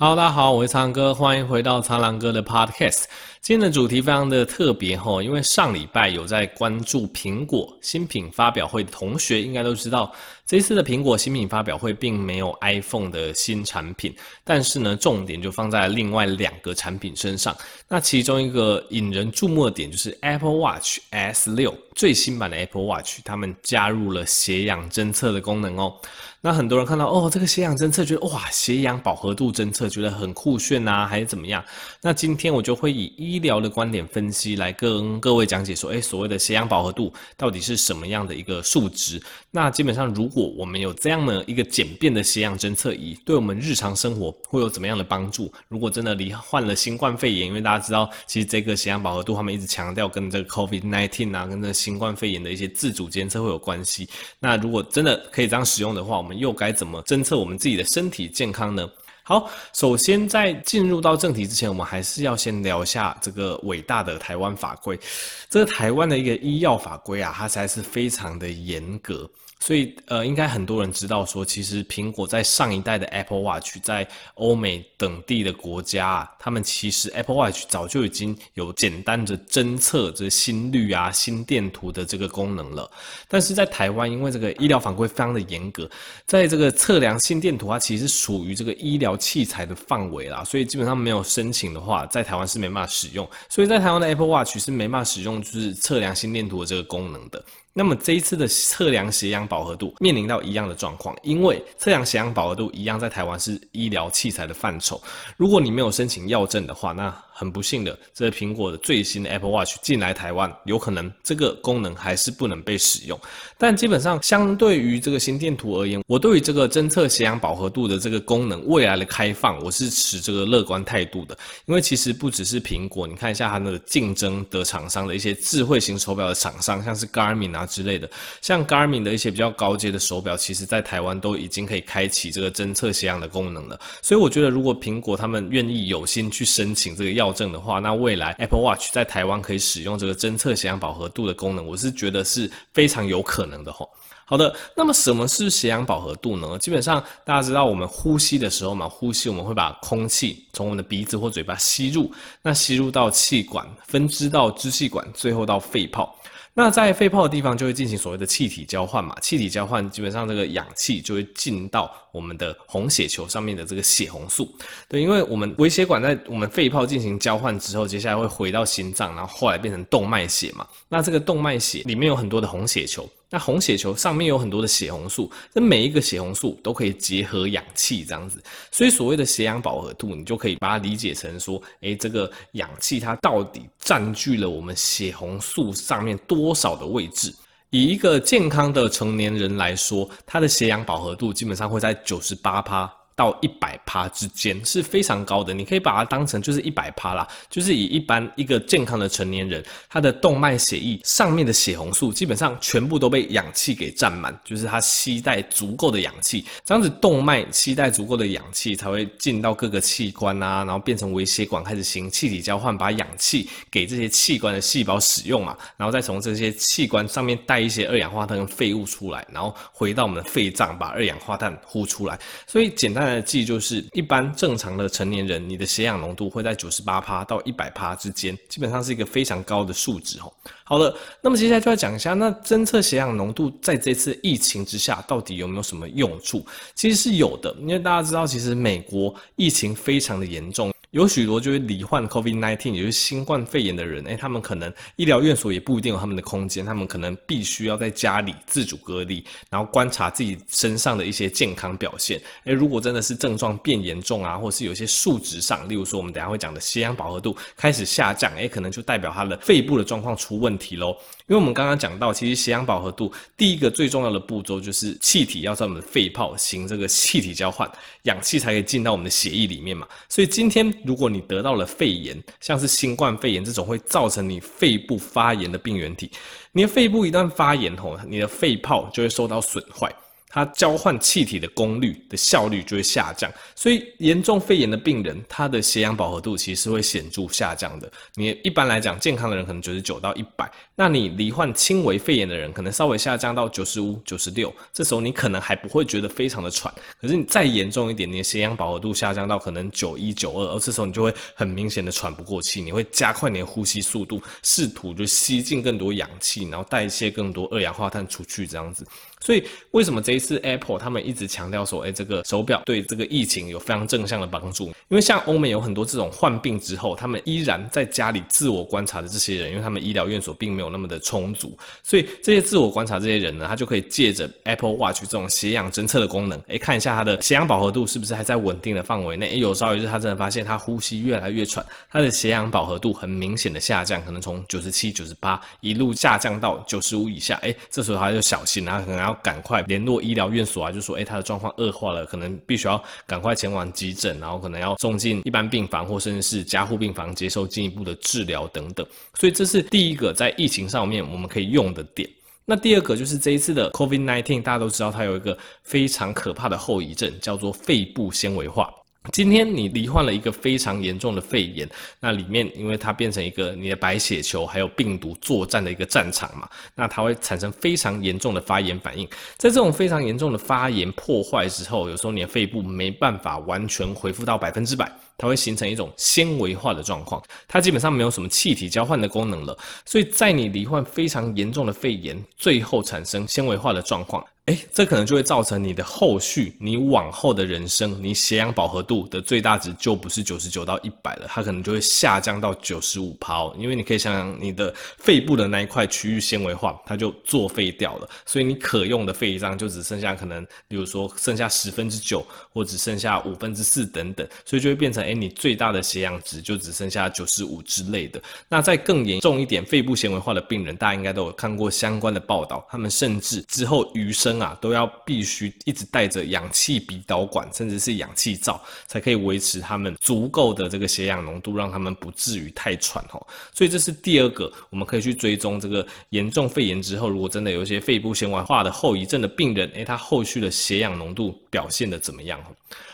好，Hello, 大家好，我是蒼藍鴿，歡迎回到蒼藍鴿的 podcast。今天的主題非常的特別，因為上禮拜有在關注蘋果新品發表會的同學應該都知道，這次的蘋果新品發表會並沒有 iPhone 的新產品，但是呢，重點就放在另外兩個產品身上。那其中一個引人注目的點就是 Apple Watch S6 最新版的 Apple Watch，他們加入了血氧偵測的功能哦。那很多人看到哦，這個血氧偵測，覺得哇，血氧飽和度偵測，覺得很酷炫吶、啊，還是怎麼樣？那今天我就會以醫療的觀點分析來跟各位講解說，哎、欸，所謂的血氧飽和度到底是什麼樣的一個數值？那基本上，如果我們有這樣的一個簡便的血氧偵測儀，對我們日常生活會有怎麼樣的幫助？如果真的離患了新冠肺炎，因為大家知道，其實這個血氧飽和度他們一直強調跟這個 COVID nineteen 啊，跟這個新冠肺炎的一些自主監測會有關係。那如果真的可以這樣使用的話，我們。又該怎麼偵測我們自己的身體健康呢？好，首先在進入到正題之前，我們還是要先聊一下這個偉大的台灣法規。這個台灣的一個醫藥法規啊，它實在是非常的嚴格。所以，呃，應該很多人知道說，其實蘋果在上一代的 Apple Watch，在歐美等地的國家，啊，他們其實 Apple Watch 早就已經有簡單的偵測這心率啊、心電圖的這個功能了。但是在台灣，因為這個醫療法規非常的嚴格，在這個測量心電圖啊，其實是屬於這個醫療器材的範圍啦，所以基本上沒有申請的話，在台灣是沒辦法使用。所以在台灣的 Apple Watch 是沒辦法使用，就是測量心電圖的這個功能的。那麼這一次的測量血氧飽和度面臨到一樣的狀況，因為測量血氧飽和度一樣，在台灣是醫療器材的範疇。如果你沒有申請藥證的話，那。很不幸的，這個、蘋果的最新 Apple Watch 進來台灣，有可能這個功能還是不能被使用。但基本上，相對於這個心電圖而言，我對於這個偵測血氧飽和度的這個功能未來的開放，我是持這個樂觀態度的。因為其實不只是蘋果，你看一下它那個競爭的廠商的一些智慧型手錶的廠商，像是 Garmin 啊之類的，像 Garmin 的一些比較高階的手錶，其實在台灣都已經可以開啟這個偵測血氧的功能了。所以我覺得，如果蘋果他們願意有心去申請這個藥物。證的話，那未來 Apple Watch 在台灣可以使用這個偵測血氧飽和度的功能，我是覺得是非常有可能的吼。好的，那麼什麼是血氧飽和度呢？基本上大家知道，我們呼吸的時候嘛，呼吸我們會把空氣從我們的鼻子或嘴巴吸入，那吸入到氣管，分支，到支氣管，最後到肺泡。那在肺泡的地方就會進行所謂的氣體交換嘛，氣體交換基本上這個氧氣就會進到我們的紅血球上面的這個血紅素，對，因為我們微血管在我們肺泡進行交換之後，接下來會回到心臟，然後後來變成動脈血嘛，那這個動脈血裡面有很多的紅血球。那紅血球上面有很多的血紅素，那每一個血紅素都可以結合氧氣這樣子，所以所謂的血氧飽和度，你就可以把它理解成說，哎、欸，這個氧氣它到底佔據了我們血紅素上面多少的位置？以一個健康的成年人來說，他的血氧飽和度基本上會在九十八趴。到一百趴之間是非常高的，你可以把它當成就是一百趴啦。就是以一般一個健康的成年人，他的動脈血液上面的血紅素基本上全部都被氧氣給佔滿，就是他攜帶足夠的氧氣。這樣子動脈攜帶足夠的氧氣，才會進到各個器官啊，然後變成微血管開始行氣體交換，把氧氣給這些器官的細胞使用啊，然後再從這些器官上面帶一些二氧化碳跟廢物出來，然後回到我們的肺臟把二氧化碳呼出來。所以簡單。那即就是一般正常的成年人，你的血氧濃度會在九十八趴到一百趴之間，基本上是一個非常高的數值哦。好了，那麼接下來就要講一下，那偵測血氧濃度在這次疫情之下，到底有沒有什麼用處？其實是有的，因為大家知道，其實美國疫情非常的嚴重。有許多就是罹患 COVID-19，也就是新冠肺炎的人，誒、欸、他們可能醫療院所也不一定有他們的空間，他們可能必須要在家裡自主隔離，然後觀察自己身上的一些健康表現。誒、欸、如果真的是症狀變嚴重啊，或是有一些數值上，例如說我們等一下會講的血氧飽和度開始下降，誒、欸、可能就代表他的肺部的狀況出問題嘍。因為我們剛剛講到，其實血氧飽和度第一個最重要的步驟就是氣體要在我們的肺泡行這個氣體交換，氧氣才可以進到我們的血液裡面嘛。所以今天如果你得到了肺炎，像是新冠肺炎這種會造成你肺部發炎的病原體，你的肺部一旦發炎吼，你的肺泡就會受到損壞。它交換氣體的功率的效率就會下降，所以嚴重肺炎的病人，他的血氧飽和度其實是會顯著下降的。你一般來講，健康的人可能九十九到一百，那你罹患輕微肺炎的人，可能稍微下降到九十五、九十六，這時候你可能還不會覺得非常的喘。可是你再嚴重一點，你的血氧飽和度下降到可能九一、九二，而這時候你就會很明顯的喘不過氣，你會加快你的呼吸速度，試圖就吸進更多氧氣，然後代謝更多二氧化碳出去，這樣子。所以為什麼這一次 Apple 他們一直強調說，哎、欸，這個手錶對這個疫情有非常正向的幫助？因為像歐美有很多這種患病之後，他們依然在家裡自我觀察的這些人，因為他們醫療院所並沒有那麼的充足，所以這些自我觀察這些人呢，他就可以借着 Apple Watch 這種血氧偵測的功能，哎、欸，看一下他的血氧飽和度是不是還在穩定的範圍內。有朝一日他真的發現他呼吸越來越喘，他的血氧飽和度很明顯的下降，可能從九十七、九十八一路下降到九十五以下，哎、欸，這時候他就小心啊，然後可能要趕快聯絡醫療院所啊，就說誒、欸、他的狀況惡化了，可能必須要趕快前往急診，然後可能要送進一般病房或甚至是加護病房接受進一步的治療等等。所以這是第一個在疫情上面我們可以用的點。那第二個就是這一次的 COVID-19，大家都知道它有一個非常可怕的後遺症，叫做肺部纖維化。今天你罹患了一個非常嚴重的肺炎，那裡面因為它變成一個你的白血球還有病毒作戰的一個戰場嘛，那它會產生非常嚴重的發炎反應。在這種非常嚴重的發炎破壞之後，有時候你的肺部沒辦法完全恢復到百分之百。它會形成一種纖維化的狀況，它基本上沒有什麼氣體交換的功能了。所以在你罹患非常嚴重的肺炎，最後產生纖維化的狀況，哎、欸，這可能就會造成你的後續、你往後的人生，你血氧飽和度的最大值就不是九十九到一百了，它可能就會下降到九十五趴喔。因為你可以想想，你的肺部的那一塊區域纖維化，它就作廢掉了，所以你可用的肺臟就只剩下可能，比如說剩下十分之九，10, 或只剩下五分之四等等，所以就會變成。哎、欸，你最大的血氧值就只剩下九十五之類的。那再更嚴重一點，肺部纖維化的病人，大家應該都有看過相關的報道。他們甚至之後餘生啊，都要必須一直帶着氧氣鼻導管，甚至是氧氣罩，才可以維持他們足夠的這個血氧濃度，讓他們不至於太喘哦。所以這是第二個，我們可以去追蹤這個嚴重肺炎之後，如果真的有一些肺部纖維化的後遺症的病人，哎、欸，他後續的血氧濃度表現得怎麼樣？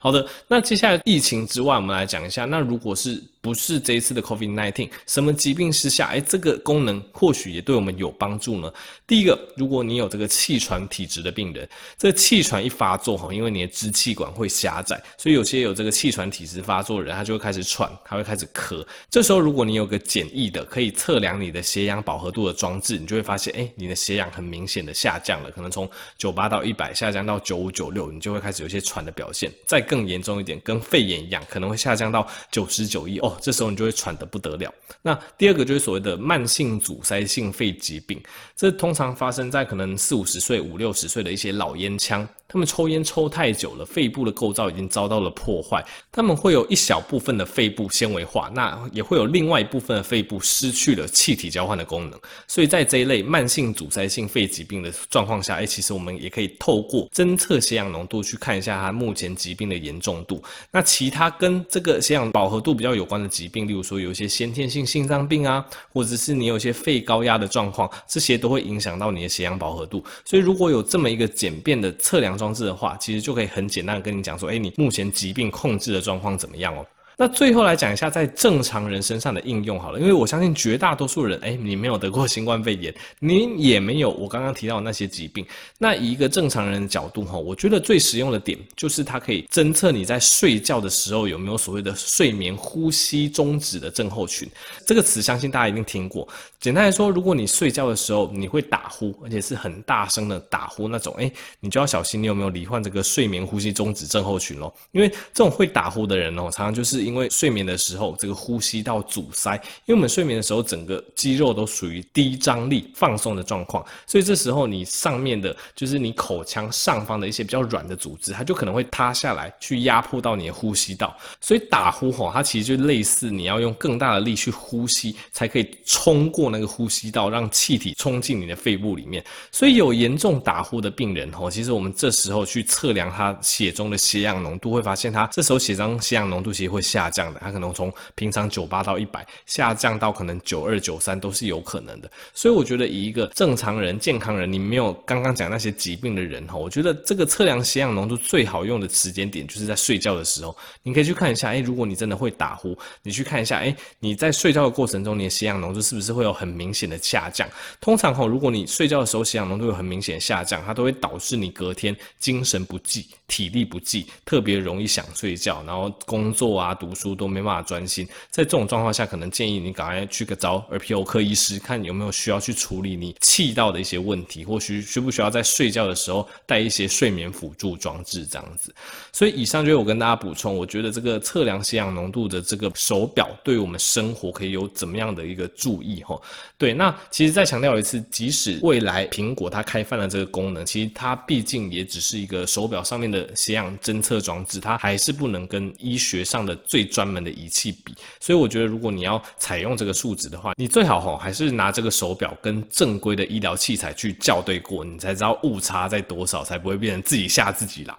好的，那接下來疫情之外，我們來。來講一下，那如果是不是這一次的 COVID-19 什麼疾病之下，哎，這個功能或許也對我們有幫助呢？第一個，如果你有這個氣喘體質的病人，這氣喘一發作哈，因為你的支氣管會狹窄，所以有些有這個氣喘體質發作的人，他就會開始喘，他會開始咳。這時候如果你有個簡易的可以測量你的血氧飽和度的裝置，你就會發現，哎，你的血氧很明顯的下降了，可能從九八到一百下降到九五九六，你就會開始有些喘的表現。再更嚴重一點，跟肺炎一樣，可能會下。下降到九十九億哦，這時候你就會喘得不得了。那第二個就是所謂的慢性阻塞性肺疾病，這通常發生在可能四五十歲、五六十歲的一些老菸槍。他們抽菸抽太久了，肺部的構造已經遭到了破壞，他們會有一小部分的肺部纖維化，那也會有另外一部分的肺部失去了氣體交換的功能。所以在這一類慢性阻塞性肺疾病的狀況下，哎、欸，其實我們也可以透過偵測血氧濃度去看一下它目前疾病的嚴重度。那其他跟這個血氧飽和度比較有關的疾病，例如說有一些先天性心臟病啊，或者是你有一些肺高壓的狀況，這些都會影響到你的血氧飽和度。所以如果有這麼一個簡便的測量，裝置的話，其實就可以很簡單的跟你講說，欸，你目前疾病控制的狀況怎麼樣哦？那最後來講一下，在正常人身上的應用好了，因為我相信絕大多數人，哎、欸，你沒有得過新冠肺炎，你也沒有我剛剛提到那些疾病。那以一個正常人的角度哈，我覺得最實用的點就是它可以偵測你在睡覺的時候有沒有所謂的睡眠呼吸中止的症候群。這個詞相信大家一定聽過。簡單來說，如果你睡覺的時候你會打呼，而且是很大聲的打呼那種，哎、欸，你就要小心你有沒有罹患這個睡眠呼吸中止症候群咯，因為這種會打呼的人哦，常常就是。因為睡眠的時候，這個呼吸道阻塞，因為我們睡眠的時候，整個肌肉都屬於低張力放鬆的狀況，所以這時候你上面的，就是你口腔上方的一些比較軟的組織，它就可能會塌下來，去壓迫到你的呼吸道。所以打呼吼，它其實就類似你要用更大的力去呼吸，才可以衝過那個呼吸道，讓氣體衝進你的肺部裡面。所以有嚴重打呼的病人吼，其實我們這時候去測量他血中的血氧濃度，會發現他這時候血中血氧濃度其實會下。下降的，它可能從平常九八到一百下降到可能九二九三都是有可能的。所以我覺得以一個正常人、健康人，你沒有剛剛講那些疾病的人，我覺得這個測量血氧濃度最好用的時間點就是在睡覺的時候。你可以去看一下，哎、欸，如果你真的會打呼，你去看一下，哎、欸，你在睡覺的過程中，你的血氧濃度是不是會有很明顯的下降？通常，如果你睡覺的時候，血氧濃度會有很明顯下降，它都會導致你隔天精神不濟、體力不濟，特別容易想睡覺，然後工作啊讀書都沒辦法專心，在這種狀況下，可能建議你趕快去個找耳鼻喉科醫師，看有沒有需要去處理你氣道的一些問題，或許需不需要在睡覺的時候帶一些睡眠輔助裝置這樣子。所以以上就是我跟大家補充，我覺得這個測量血氧濃度的這個手錶，對我們生活可以有怎麼樣的一個注意吼？對，那其實再強調一次，即使未來蘋果它開放了這個功能，其實它畢竟也只是一個手錶上面的血氧偵測裝置，它還是不能跟醫學上的最最專門的儀器比，所以我覺得如果你要採用這個數值的話，你最好齁還是拿這個手表跟正規的醫療器材去校對過，你才知道誤差在多少，才不會變成自己嚇自己啦。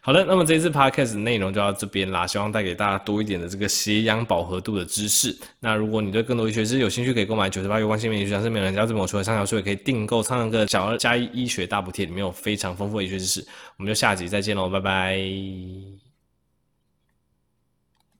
好的，那麼這次 Podcast 的內容就到這邊啦，希望帶給大家多一點的這個血氧飽和度的知識。那如果你對更多醫學知識有興趣可購有有，可以購買九十八元關心免疫學，是每人家自我除了暢銷書，也可以訂購上個小二加一醫學大補帖，裡面有非常豐富的醫學知識。我們就下集再見嘍，拜拜。